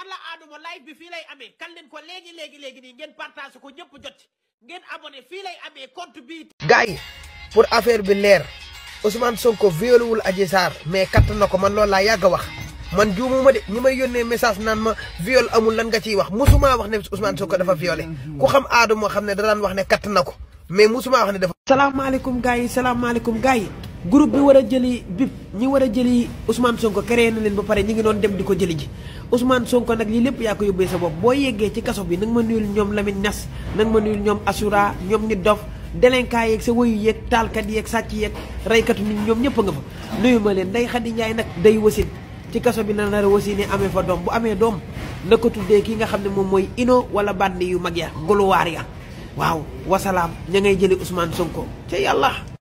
alla aaduma live bi fii lay amee kan leen ko léegi léegi léegi nii ngeen partage ko ñëpp jot ngeen abonné fii lay amee compte bi gars yi pour affaire bi leer Ousmane Sonko violewul Adji Sarr mais katt na ko man loolu laa yàgg wax man juumuma de ñi may yónnee message naan ma viol amul lan nga ciy wax musuma wax ne Ousmane Sonko dafa violé ku xam aaduma xam ne da daan wax ne katt na ko mais musuma wax ne dafa. salaamaaleykum gars yi salaamaaleykum gars yi. groupe bi war a jëli bip ñi war a jëli Ousmane Sonko créé na leen ba pare ñi ngi doon dem di ko jëli ji Ousmane Sonko nag lii lépp yaa ko yóbbee sa bopp boo yeggee ci kaso bi nag ma nuyul ñoom Lamine Niass nag ma nuyul ñoom Assura ñoom nit dof délinquant yeeg sa woyu yeeg taalkat yeeg sàcc yeeg reykatu nit ñoom ñëpp a nga fa nuyu ma leen day Xadi Njaay nag day wasin ci kaso bi na nar a wasine amee fa doom bu amee doom na ko tuddee ki nga xam ne moom mooy ino wala bandi yu mag ya guluwaar ya waaw wasalaam ña ngay jëli Ousmane Sonko ca yàlla